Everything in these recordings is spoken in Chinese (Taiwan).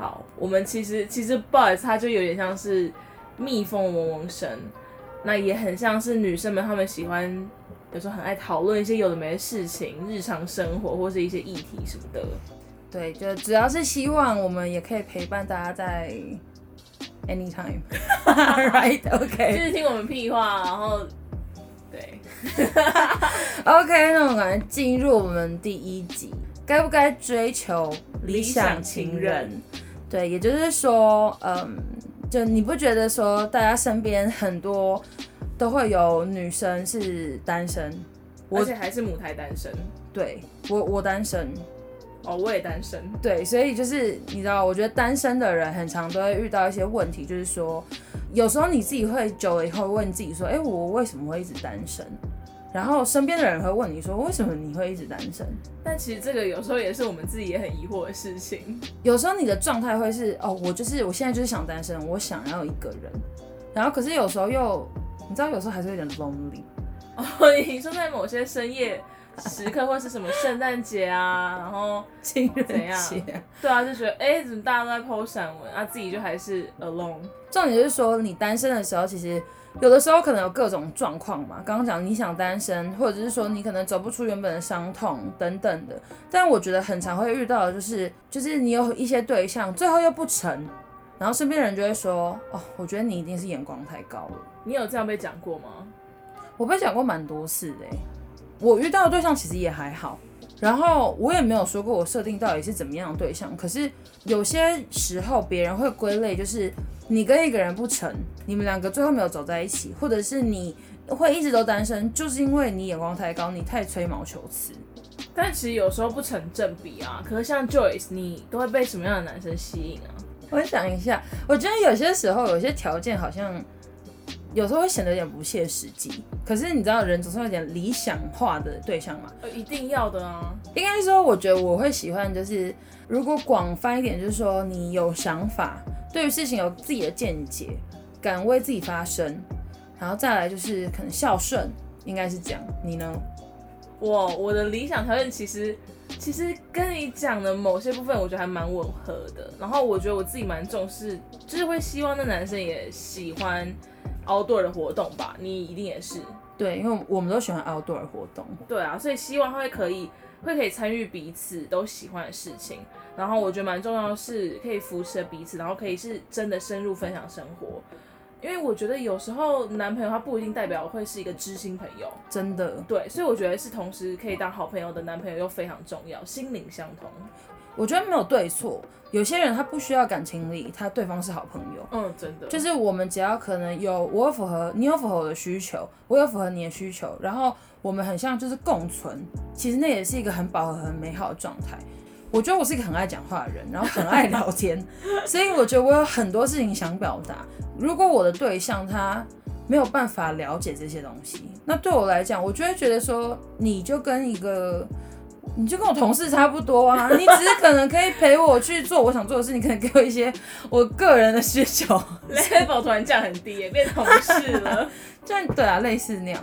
好，我們其實其實 buzz 它就有點像是蜜蜂嗡嗡聲，那也很像是女生們她們喜歡，有時候很愛討論一些有的沒的事情，日常生活或是一些議題什麼的。對，就主要是希望我們也可以陪伴大家在 anytime，right？OK。Any right, okay. 就是聽我們屁話，然後對 ，OK，那我們趕緊進入我們第一集，該不該追求理想情人？對，也就是說，嗯，就你不覺得說，大家身邊很多都會有女生是單身，我而且還是母胎單身。對，我我單身。哦，我也單身。對，所以就是你知道，我覺得單身的人很常都會遇到一些問題，就是說，有時候你自己會久了以後問自己說，哎、欸，我為什麼會一直單身？然後身邊的人會問你說，為什麼你會一直單身？但其實這個有時候也是我們自己也很疑惑的事情。有時候你的狀態會是哦，我就是我現在就是想單身，我想要一個人。然後可是有時候又，你知道有時候還是有點 lonely。哦，你說在某些深夜時刻或是什麼聖誕節啊， 然後情人節，對啊，就覺得哎怎麼大家都在 po 閃文啊，自己就還是 alone。重點就是說你單身的時候其實。有的時候可能有各種狀況嘛，剛剛講你想單身，或者是說你可能走不出原本的傷痛等等的。但我覺得很常會遇到的就是，就是你有一些對象最後又不成，然後身邊人就會說，哦，我覺得你一定是眼光太高了。你有這樣被講過嗎？我被講過蠻多次的。我遇到的對象其實也還好，然後我也沒有說過我設定到底是怎麼樣的對象。可是有些時候別人會歸類就是。你跟一個人不成，你們兩個最後沒有走在一起，或者是你會一直都單身，就是因為你眼光太高，你太吹毛求疵。但其實有時候不成正比啊。可是像 Joyce，你都會被什麼樣的男生吸引啊？我想一下，我覺得有些時候有些條件好像有時候會顯得有點不切實際。可是你知道人總是有點理想化的對象嘛？呃，一定要的啊。應該說，我覺得我會喜歡，就是如果廣泛一點，就是說你有想法。對於事情有自己的見解，敢為自己發聲，然後再來就是可能孝順，應該是這樣。你呢？我我的理想條件其實其實跟你講的某些部分，我覺得還蠻吻合的。然後我覺得我自己蠻重視，就是會希望那男生也喜歡 outdoor 的活動吧。你一定也是。對，因為我們都喜歡 outdoor 活動。對啊，所以希望他會可以。會可以參與彼此都喜歡的事情，然後我覺得蠻重要的是可以扶持彼此，然後可以是真的深入分享生活，因為我覺得有時候男朋友他不一定代表會是一個知心朋友，真的，對，所以我覺得是同時可以當好朋友的男朋友又非常重要，心靈相通。我覺得沒有對錯，有些人他不需要感情力，他對方是好朋友。嗯，真的。就是我們只要可能有我有符合，你有符合我的需求，我有符合你的需求，然後我們很像就是共存，其實那也是一個很飽和、很美好的狀態。我覺得我是一個很愛講話的人，然後很愛聊天， 所以我覺得我有很多事情想表達。如果我的對象他沒有辦法了解這些東西，那對我來講，我就會覺得說，你就跟一個。你就跟我同事差不多啊，你只是可能可以陪我去做我想做的事，你可能給我一些我個人的需求。 level 突然降很低，欸，也變同事了，就 對啊，類似那樣。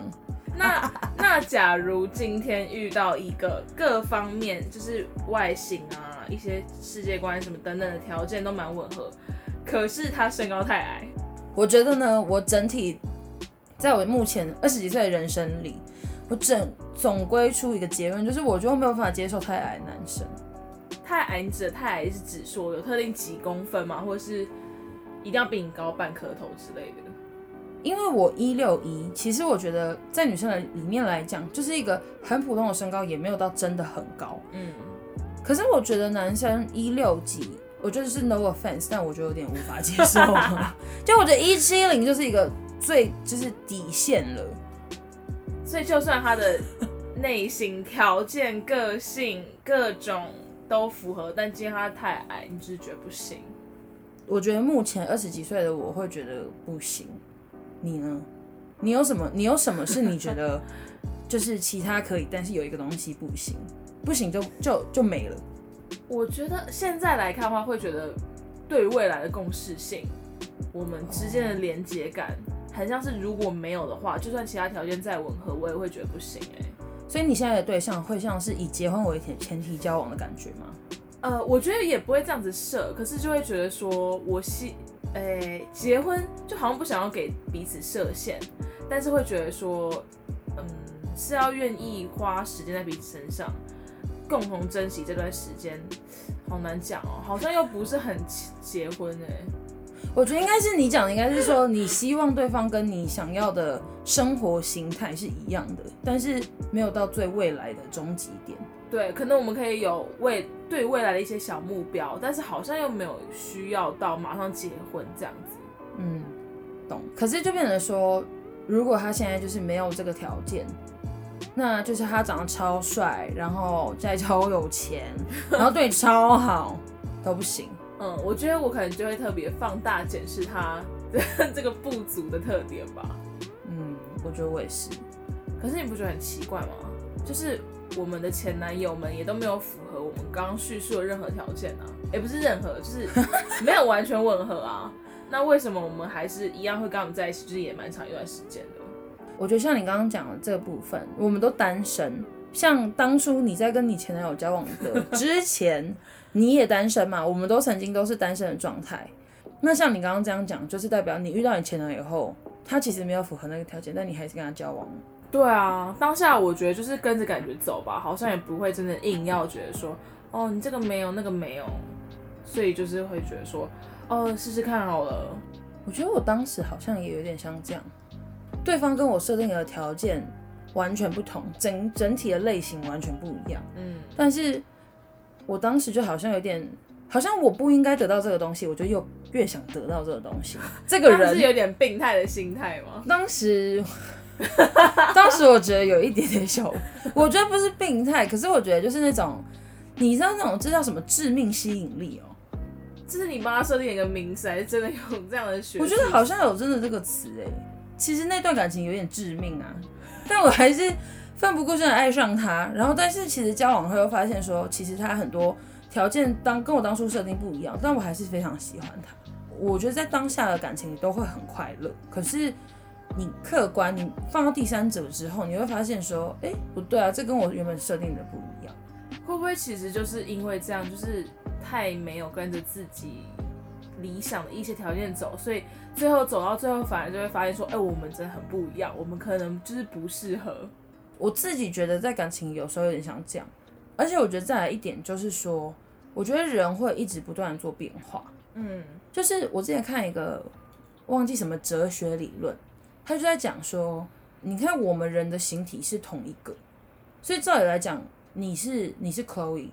那那假如今天遇到一個各方面就是外形啊、一些世界觀什麼等等的條件都蠻吻合，可是他身高太矮，我覺得呢，我整體在我目前二十幾歲的人生裡。我整總歸出一個結論，就是我就沒有辦法接受太矮的男生。太矮者，你指的太矮是指說有特定幾公分嗎？或者是一定要比你高半顆頭之類的？因為我一六一，其實我覺得在女生的裡面來講，就是一個很普通的身高，也沒有到真的很高。嗯。可是我覺得男生一六幾，我覺得是 no offense，但我覺得有點無法接受。 就我覺得一七零就是一個最，就是底線了。所以，就算他的內心條件、個性各種都符合，但今天他太矮，你直覺不行。我覺得目前二十幾歲的我會覺得不行。你呢？你有什麼？你有什麼是你覺得就是其他可以， 但是有一個東西不行。不行就就就沒了。我覺得現在來看的話，會覺得對未來的共識性，我們之間的連接感。Oh. 很像是如果沒有的話，就算其他條件再吻合，我也會覺得不行、欸、所以你現在的對象會像是以結婚為前前提交往的感覺嗎？呃，我覺得也不會這樣子設，可是就會覺得說我希，誒、欸、結婚就好像不想要給彼此設限，但是會覺得說，嗯，是要願意花時間在彼此身上，共同珍惜這段時間，好難講哦、喔，好像又不是很結婚誒、欸。我覺得應該是你講的，應該是說你希望對方跟你想要的生活形態是一樣的，但是沒有到最未來的終極點。對，可能我們可以有未對未來的一些小目標，但是好像又沒有需要到馬上結婚這樣子。嗯，懂。可是就變成說，如果他現在就是沒有這個條件，那就是他長得超帥，然後再超有錢，然後對你超好， 都不行。嗯，我覺得我可能就會特別放大檢視他的這個不足的特點吧。嗯，我覺得我也是。可是你不覺得很奇怪嗎？就是我們的前男友們也都沒有符合我們剛剛敘述的任何條件啊，也不是任何，就是沒有完全吻合啊。 那為什麼我們還是一樣會跟我們在一起？就是也蠻長一段時間的。我覺得像你剛剛講的這個部分，我們都單身。像當初你在跟你前男友交往的之前，你也單身嘛？我們都曾經都是單身的狀態。那像你剛剛這樣講，就是代表你遇到你前男友以後，他其實沒有符合那個條件，但你還是跟他交往。對啊，當下我覺得就是跟着感覺走吧，好像也不會真的硬要覺得說，哦，你這個沒有，那個沒有，所以就是會覺得說，哦，試試看好了。我覺得我當時好像也有點像這樣，對方跟我設定的條件完全不同，整整體的類型完全不一樣。嗯，但是我當時就好像有點，好像我不應該得到這個東西，我就又越想得到這個東西。這個人是有點病態的心態嗎？當時，當時我覺得有一點點小， 我覺得不是病態，可是我覺得就是那種，你知道那種，這叫什麼致命吸引力哦？這是你幫他設定一個名字，還是真的有這樣的學？我覺得好像有真的這個詞哎、欸。其實那段感情有點致命啊。但我還是奮不顧身的愛上他，然後但是其實交往後又發現說，其實他很多條件當跟我當初設定不一樣，但我還是非常喜歡他。我覺得在當下的感情你都會很快樂，可是你客觀你放到第三者之後，你會發現說，哎，不對啊，這跟我原本設定的不一樣，會不會其實就是因為這樣，就是太沒有跟着自己。理想的一些條件走，所以最後走到最後，反而就會發現說，哎、欸，我們真的很不一樣，我們可能就是不適合。我自己覺得在感情有時候有點想講，而且我覺得再來一點就是說，我覺得人會一直不斷做變化。嗯，就是我之前看一個忘記什麼哲學理論，他就在講說，你看我們人的形體是同一個，所以照理來講，你是你是 Chloe……’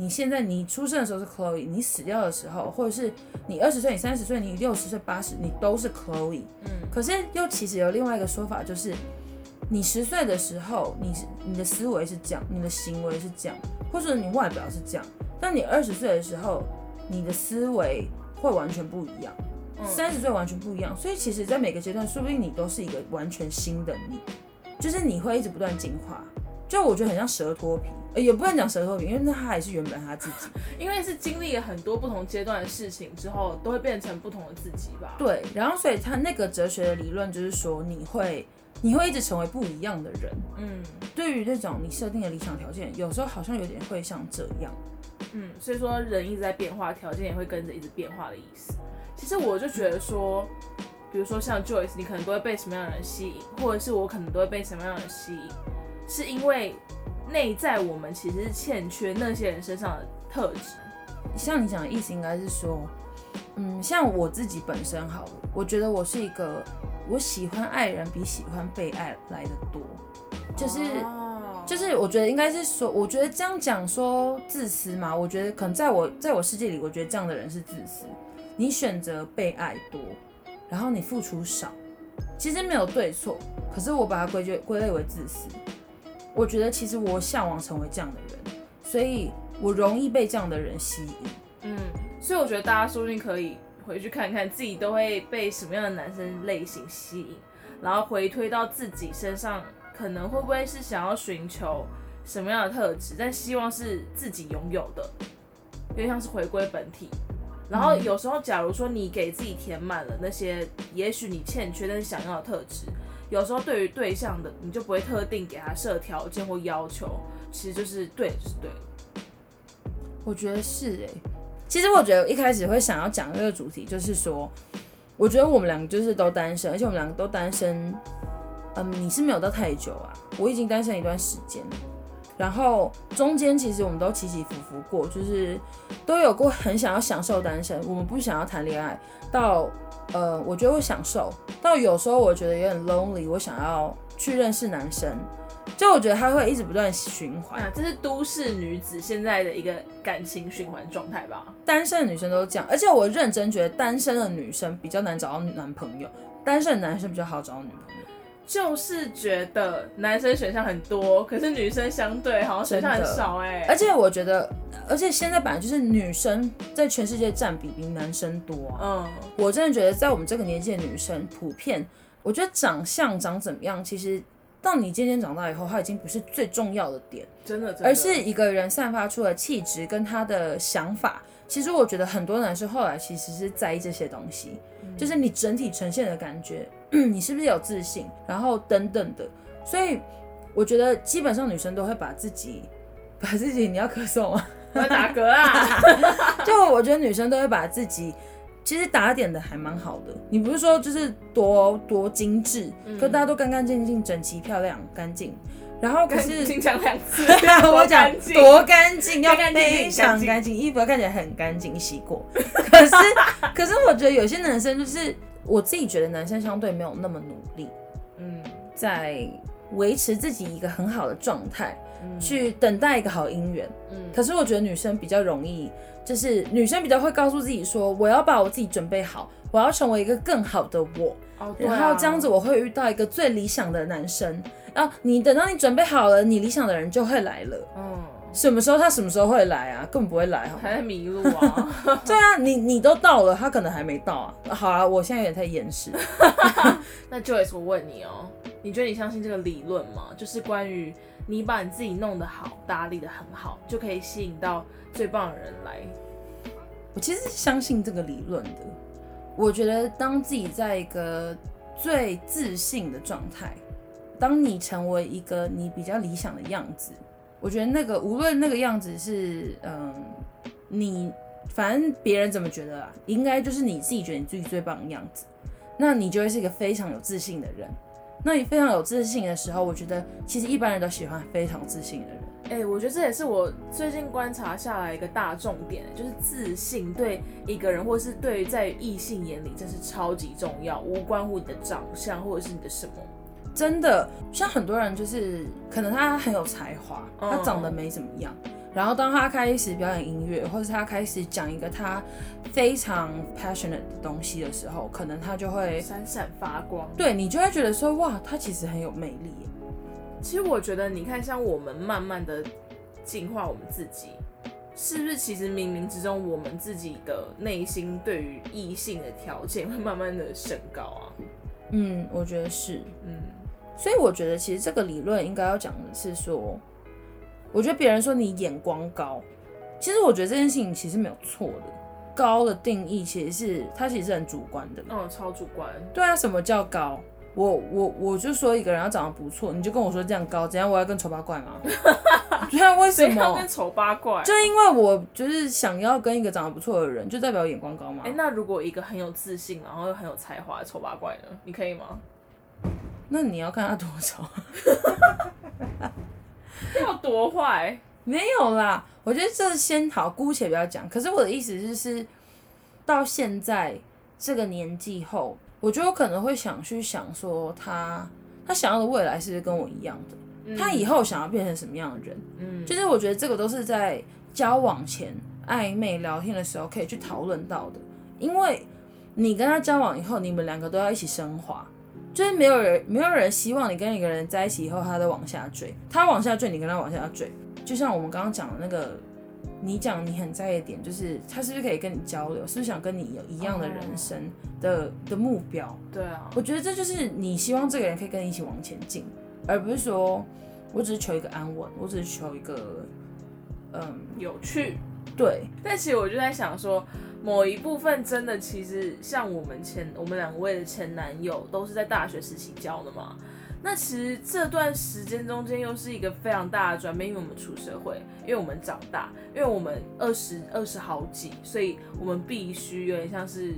你現在你出生的時候是 Chloe，你死掉的時候，或者是你二十歲、你三十歲、你六十歲、八十，你都是 Chloe。嗯。可是又其實有另外一個說法，就是你十歲的時候，你你的思維是這樣，你的行為是這樣，或者你外表是這樣。但你二十歲的時候，你的思維會完全不一樣，三十歲完全不一樣。所以其實，在每個階段，說不定你都是一個完全新的你，就是你會一直不斷進化。就我覺得很像蛇脫皮，也不能講蛇脫皮，因為那他還是原本他自己， 因為是經歷了很多不同階段的事情之後，都會變成不同的自己吧。對，然後所以他那個哲學的理論就是說，你會你會一直成為不一樣的人。嗯，對於那種你設定的理想條件，有時候好像有點會像這樣。嗯，所以說人一直在變化，條件也會跟着一直變化的意思。其實我就覺得說，嗯、比如說像 Joyce，你可能都會被什麼樣的人吸引，或者是我可能都會被什麼樣的人吸引。是因為，內在我們其實是欠缺那些人身上的特質，像你講的意思應該是說，嗯，像我自己本身好了，我覺得我是一個我喜歡愛人比喜歡被愛來得多，就是、oh. 就是我覺得應該是說，我覺得這樣講說自私嘛，我覺得可能在我在我世界裡，我覺得這樣的人是自私，你選擇被愛多，然後你付出少，其實沒有對錯，可是我把它歸結歸類為自私。我覺得其實我嚮往成為這樣的人，所以我容易被這樣的人吸引。嗯，所以我覺得大家說不定可以回去看看自己都會被什麼樣的男生類型吸引，然後回推到自己身上，可能會不會是想要尋求什麼樣的特質，但希望是自己擁有的，有點像是回歸本體。然後有時候，假如說你給自己填滿了那些也許你欠缺但是想要的特質。有時候對於對象的，你就不會特定給他設條件或要求，其實就是對的就是對的。我覺得是誒、欸，其實我覺得一開始會想要講這個主題，就是說，我覺得我們兩個就是都單身，而且我們兩個都單身，嗯，你是沒有到太久啊，我已經單身一段時間了。然後中間其實我們都起起伏伏過，就是都有過很想要享受單身，我們不想要談戀愛。到呃，我覺得會享受，到有時候我覺得有點 lonely，我想要去認識男生。就我覺得他會一直不斷循環。啊，這是都市女子現在的一個感情循環狀態吧？單身的女生都這樣，而且我認真覺得單身的女生比較難找到男朋友，單身的男生比較好找女朋友。就是覺得男生選項很多，可是女生相對好像選項很少哎，欸。而且我覺得，而且現在本來就是女生在全世界佔比比男生多，啊。嗯，我真的覺得在我們這個年紀的女生，普遍我覺得長相長怎麼樣，其實到你漸漸長大以後，它已經不是最重要的點，真的。真的，而是一個人散發出的氣質跟他的想法，其實我覺得很多男生後來其實是在意這些東西，嗯，就是你整體呈現的感覺。 你是不是有自信？然後等等的，所以我覺得基本上女生都會把自己，把自己你要咳嗽嗎？我要打嗝啊！就我覺得女生都會把自己，其實打點的還蠻好的。你不是說就是多多精緻，嗯、可大家都乾乾淨淨、整齊漂亮、乾淨。然後可是講兩次， 我講講多乾淨，要非常乾淨，衣服要看起來很乾淨，洗過。 可是可是我覺得有些男生就是。我自己覺得男生相對沒有那麼努力，嗯，在維持自己一個很好的狀態，嗯，去等待一個好姻緣，嗯。可是我覺得女生比較容易，就是女生比較會告訴自己說，我要把我自己準備好，我要成為一個更好的我，哦，對啊。然後這樣子我會遇到一個最理想的男生。然後你等到你準備好了，你理想的人就會來了，嗯，哦。什麼時候他什麼時候會來啊？根本不會來，還在迷路啊？ 對啊，你你都到了，他可能還沒到啊。好啊，我現在有點太延時。 那 Joyce，我問你哦、喔，你覺得你相信這個理論嗎？就是關於你把你自己弄得好，打理得很好，就可以吸引到最棒的人來。我其實是相信這個理論的。我覺得當自己在一個最自信的狀態，當你成為一個你比較理想的樣子。我覺得那個無論那個樣子是，嗯，你反正別人怎麼覺得啊，應該就是你自己覺得你自己最棒的樣子，那你就會是一個非常有自信的人。那你非常有自信的時候，我覺得其實一般人都喜歡非常自信的人。哎、欸，我覺得這也是我最近觀察下來一個大重點，就是自信對一個人，或者是對於在異性眼裡，真是超級重要，無關乎你的長相或者是你的什麼。真的像很多人，就是可能他很有才華，他長得沒怎麼樣。嗯，然後當他開始表演音樂，或者他開始講一個他非常 passionate 的東西的時候，可能他就會閃閃發光。對，你就會覺得說哇，他其實很有魅力。其實我覺得，你看，像我們慢慢的進化我們自己，是不是？其實冥冥之中，我們自己的內心對於異性的條件會慢慢的升高啊。嗯，我覺得是，嗯。所以我覺得，其實這個理論應該要講的是說，我覺得別人說你眼光高，其實我覺得這件事情其實沒有錯的。高的定義其實是它，其實是很主觀的。嗯、哦，超主觀。對啊，什麼叫高？我我我就說一個人要長得不錯，你就跟我說這樣高，怎樣？我要跟醜八怪嗎？對啊，為什麼要跟醜八怪？就因為我就是想要跟一個長得不錯的人，就代表眼光高嗎？哎，欸，那如果一個很有自信，然後又很有才華的醜八怪呢？你可以嗎？那你要看他多醜， 要多壞？沒有啦，我覺得這先好，姑且不要講。可是我的意思就是，到現在這個年紀後，我覺得我可能會想去想說他，他他想要的未來是，是跟我一樣的，嗯，他以後想要變成什麼樣的人？嗯，就是我覺得這個都是在交往前曖昧聊天的時候可以去討論到的，因為你跟他交往以後，你們兩個都要一起升華。就是沒有人，沒有人希望你跟一個人在一起以後，他都往下墜，他往下墜，你跟他往下墜。就像我們剛剛講的那個，你講你很在意點，就是他是不是可以跟你交流，是不是想跟你有一樣的人生的 Okay. 的、的目標。對啊，我覺得這就是你希望這個人可以跟你一起往前進，而不是說我只是求一個安穩，我只是求一個嗯有趣。對，但其實我就在想說。某一部分真的，其實像我們前我們兩位的前男友，都是在大學時期交的嘛。那其實這段時間中間又是一個非常大的轉變，因為我們出社會，因為我們長大，因為我們二十二十好幾，所以我們必須有點像是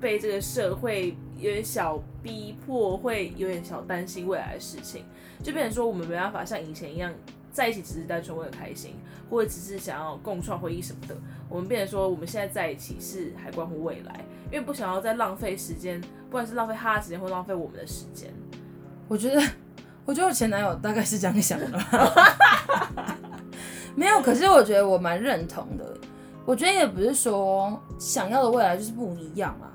被這個社會有點小逼迫，會有點小擔心未來的事情，就變成說我們沒辦法像以前一樣。在一起只是單純為了開心，或者只是想要共創回憶什麼的，我們變得說我們現在在一起是還關乎未來，因為不想要再浪費時間，不管是浪費他的時間或浪費我們的時間。我覺得，我覺得我前男友大概是這樣想的， 沒有。可是我覺得我蠻認同的，我覺得也不是說想要的未來就是不一樣啊，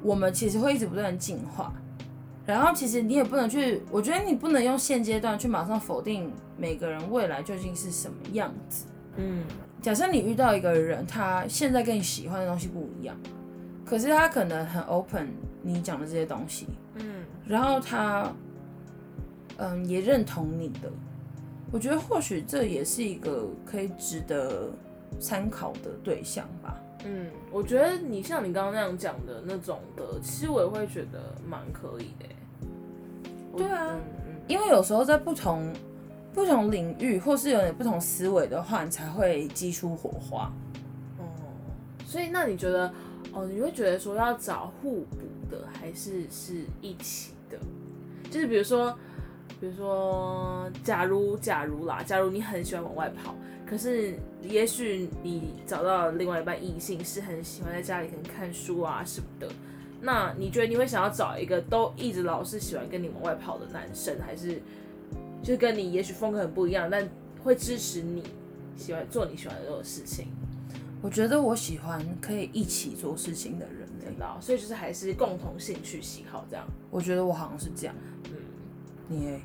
我們其實會一直不斷進化。然後其實你也不能去，我覺得你不能用現階段去馬上否定每個人未來究竟是什麼樣子。嗯，假設你遇到一個人，他現在跟你喜歡的東西不一樣，可是他可能很 open 你講的這些東西，嗯，然後他，嗯，也認同你的，我覺得或許這也是一個可以值得參考的對象吧。嗯，我覺得你像你剛剛那樣講的那種的，其實我也會覺得蠻可以的。Oh, 對啊，嗯，嗯，因為有時候在不同不同領域，或是有點不同思維的話，你才會激出火花。哦，嗯，所以那你覺得，哦，你會覺得說要找互補的，還是是一起的？就是比如說，比如說，假如假如啦，假如你很喜歡往外跑。可是，也許你找到了另外一半異性是很喜歡在家裡可能看書啊什麼的，那你覺得你會想要找一個都一直老是喜歡跟你往外跑的男生，還是就跟你也許風格很不一樣，但會支持你喜歡做你喜歡的事情？我覺得我喜歡可以一起做事情的人，你知道，所以就是還是共同興趣喜好這樣。我覺得我好像是這樣，嗯，你、欸？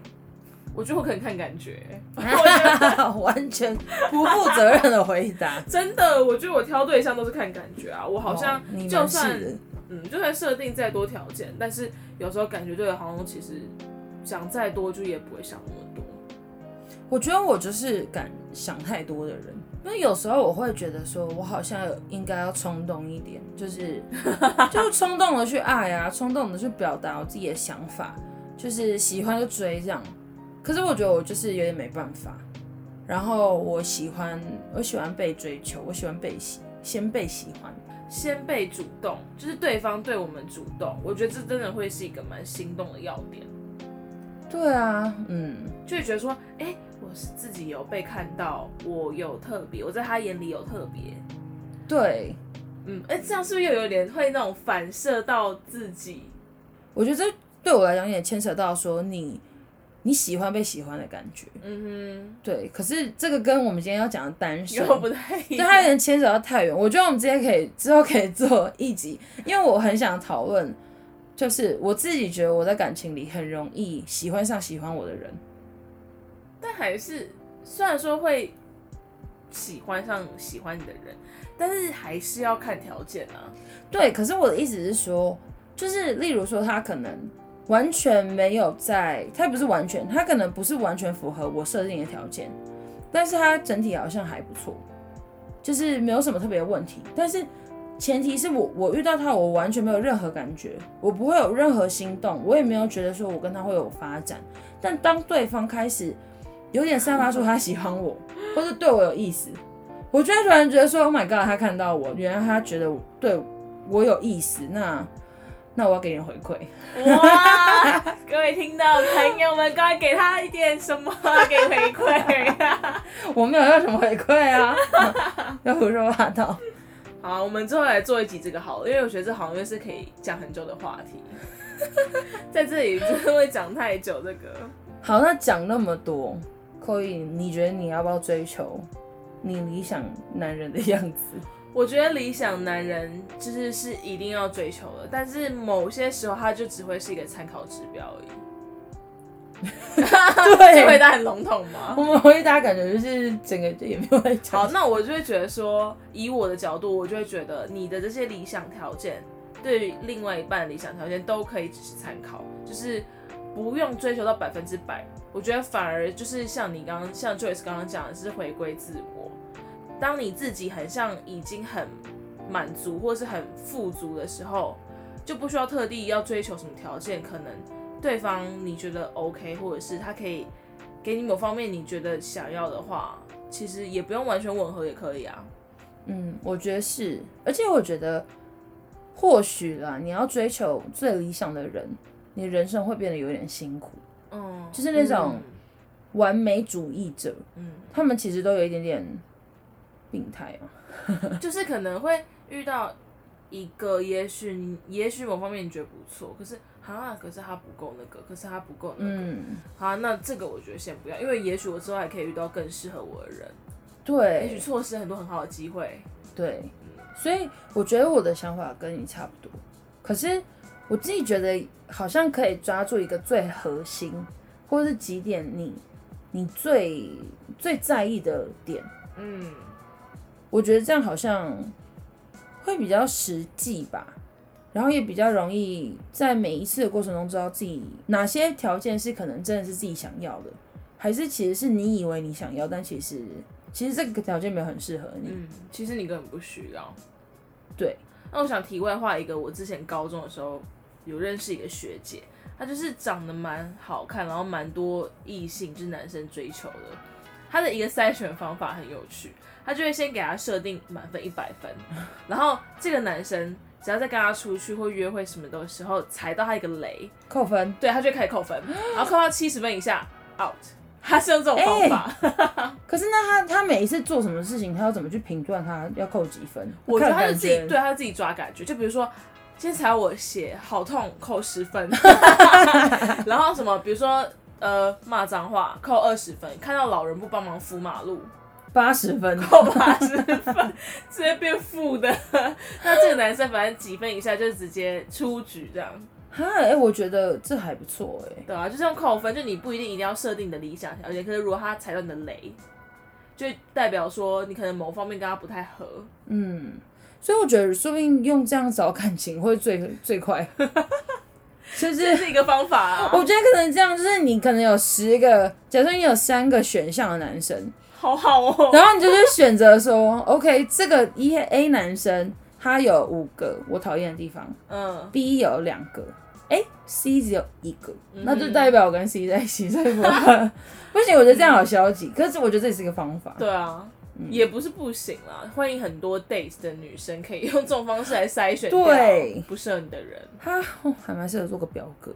我覺得我可能看感覺， 完全不負責任的回答。 真的，我覺得我挑對象都是看感覺啊。我好像就算、哦、是嗯，就算設定再多條件，但是有時候感覺對了，好像其實想再多就也不會想那麼多。我覺得我就是敢想太多的人，那有時候我會覺得說我好像應該要衝動一點，就是 就衝動的去愛啊，衝動的去表達我自己的想法，就是喜歡就追這樣。可是我覺得我就是有點沒辦法，然後我喜歡我喜歡被追求，我喜歡被喜先被喜歡，先被主動，就是對方對我們主動，我覺得這真的會是一個蠻心動的要點。對啊，嗯，就會覺得說，哎、欸，我是自己有被看到，我有特別，我在他眼裡有特別。對，嗯，哎、欸，這樣是不是又有點會那種反射到自己？我覺得這對我來講也牽扯到說你。你喜歡被喜歡的感覺，嗯哼，對。可是這個跟我們今天要講的單身，不太一樣，對，還能牽扯到太遠。我覺得我們今天可以之後可以做一集，因為我很想討論，就是我自己覺得我在感情裡很容易喜歡上喜歡我的人，但還是雖然說會喜歡上喜歡你的人，但是還是要看條件啊。對，可是我的意思是說，就是例如說他可能。完全沒有在，他不是完全，他可能不是完全符合我設定的條件，但是他整體好像還不錯，就是沒有什麼特別的問題。但是前提是我我遇到他，我完全沒有任何感覺，我不會有任何心動，我也沒有覺得說我跟他會有發展。但當對方開始有點散發出他喜歡我， 或者對我有意思，我居然突然覺得說，Oh my god，他看到我，原來他覺得我對我有意思，那。那我要給你回饋哇！ 各位聽到的朋友們，該給他一點什麼給回饋 我沒有要什麼回饋啊，要、 啊、胡說八道。好，我們最後來做一集這個好了，因為我覺得這好像又是可以講很久的話題， 在這裡真的會講太久。這個好，那講那麼多，Chloe，你覺得你要不要追求你理想男人的樣子？我覺得理想男人就是是一定要追求的，但是某些時候他就只會是一個參考指標而已。 對， 就回答很籠統嘛。我們回答感覺就是整個也沒有太講。好，那我就會覺得說，以我的角度，我就會覺得你的這些理想條件，對於另外一半的理想條件都可以只是參考，就是不用追求到百分之百。我覺得反而就是像你剛剛像 Joyce 剛剛講的，是回歸自我。當你自己很像已經很滿足或是很富足的時候，就不需要特地要追求什麼條件。可能對方你覺得 OK，或者是他可以給你某方面你覺得想要的話，其實也不用完全吻合也可以啊。嗯，我覺得是。而且我覺得，或許啦，你要追求最理想的人，你人生會變得有點辛苦。嗯，就是那種完美主義者。嗯，他們其實都有一點點。病態嘛， 就是可能會遇到一個也許，也許你，也許某方面你覺得不錯，可是哈、啊，可是他不夠那個，可是他不夠那個，好、嗯啊，那這個我覺得先不要，因為也許我之後還可以遇到更適合我的人，對，也許錯失很多很好的機會，對，所以我覺得我的想法跟你差不多，可是我自己覺得好像可以抓住一個最核心，或者是幾點你，你最最在意的點，嗯。我覺得這樣好像會比較實際吧，然後也比較容易在每一次的過程中知道自己哪些條件是可能真的是自己想要的，還是其實是你以為你想要，但其實其實這個條件沒有很適合你。嗯，其實你根本不需要。對，那我想題外話一個，我之前高中的時候有認識一個學姐，她就是長得蠻好看，然後蠻多異性，就是男生追求的。他的一個篩選方法很有趣，他就會先給他設定滿分一百分，然後這個男生只要在跟他出去或約會什麼的時候踩到他一個雷，扣分，對，他就開始扣分，然後扣到七十分以下 out。他是用這種方法。欸、 可是那他他每一次做什麼事情，他要怎麼去評斷他要扣幾分？我覺得他是自己，對，他自己抓感覺，就比如說先踩我鞋，好痛，扣十分。 然後什麼，比如說。呃，罵髒話扣二十分，看到老人不幫忙扶馬路，八十分， 扣八十分，直接變負的。 那這個男生反正幾分以下就是直接出局這樣。哈，哎，我覺得這還不錯哎、欸。對啊，就像用扣分，就你不一定一定要設定你的理想條件，而且可能如果他踩到你的雷，就代表說你可能某方面跟他不太合。嗯，所以我覺得說不定用這樣找感情會最最快。 就是一個方法啊，我覺得可能這樣，就是你可能有十個，假設你有三個選項的男生，好好哦，然後你就是選擇說 ，OK，這個一 A 男生他有五個我討厭的地方，嗯，B 有兩個哎，C 只有一個，嗯、那就代表我跟 C 在一起，所以不 不行，我覺得這樣好消極，嗯、可是我覺得這也是一個方法，對啊。也不是不行啦，歡迎很多 days 的女生可以用這種方式來篩選對，不適合你的人。哈、喔，還蠻適合做個表格。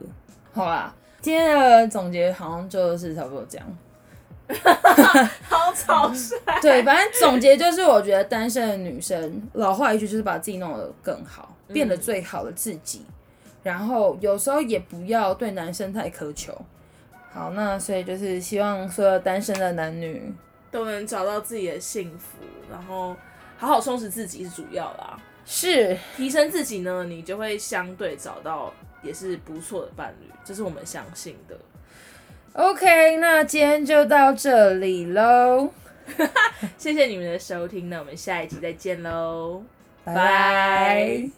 好啦，今天的總結好像就是差不多這樣。 好草率帥。 對，反正總結就是，我覺得單身的女生老話一句就是把自己弄得更好，變得最好的自己。然後有時候也不要對男生太苛求。好，那所以就是希望所有單身的男女。都能找到自己的幸福，然後好好充實自己是主要啦。是提升自己呢，你就會相對找到也是不錯的伴侶，這，就是我們相信的。OK，那今天就到這裡嘍， 謝謝你們的收聽，那我們下一集再見嘍，拜拜。